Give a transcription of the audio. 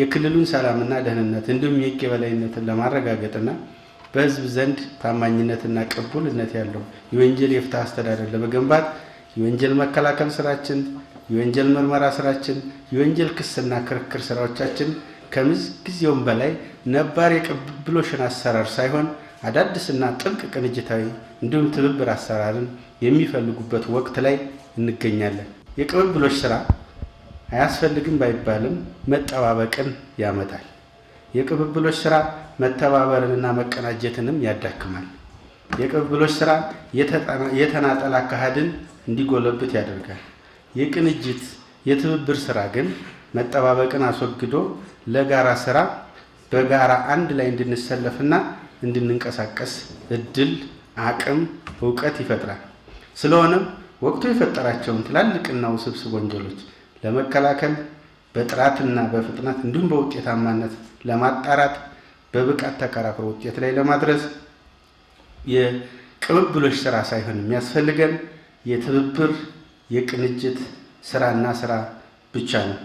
የክልሉን ሰላምና ደህንነት እንዲሁም የህግ የበላይነትን ለማረጋገጥና በህዝብ ዘንድ ታማኝነትና ቅቡልነት ያለው የወንጀል የፍትህ አስተዳደር ለመገንባት የወንጀል መከላከል ስራችን፣ የወንጀል ምርመራ ስራችን፣ የወንጀል ክስና ክርክር ስራዎቻችን ከምዝ ጊዜውም በላይ ነባር የቅብብሎሽን አሰራር ሳይሆን አዳዲስና ጥብቅ ቅንጅታዊ እንዲሁም ትብብር አሰራርን የሚፈልጉበት ወቅት ላይ እንገኛለን። የቅብብሎች ስራ አያስፈልግም ባይባልም መጠባበቅን ያመጣል። የቅብብሎች ስራ መተባበርንና መቀናጀትንም ያዳክማል። የቅብብሎች ስራ የተናጠል አካሄድን እንዲጎለብት ያደርጋል። የቅንጅት የትብብር ስራ ግን መጠባበቅን አስወግዶ ለጋራ ስራ በጋራ አንድ ላይ እንድንሰለፍና እንድንንቀሳቀስ እድል፣ አቅም፣ እውቀት ይፈጥራል። ስለሆነም ወቅቱ የፈጠራቸውን ትላልቅና ውስብስብ ወንጀሎች ለመከላከል በጥራትና በፍጥነት እንዲሁም በውጤታማነት ለማጣራት በብቃት ተከራክሮ ውጤት ላይ ለማድረስ የቅብብሎች ስራ ሳይሆን የሚያስፈልገን የትብብር የቅንጅት ስራና ስራ ብቻ ነው።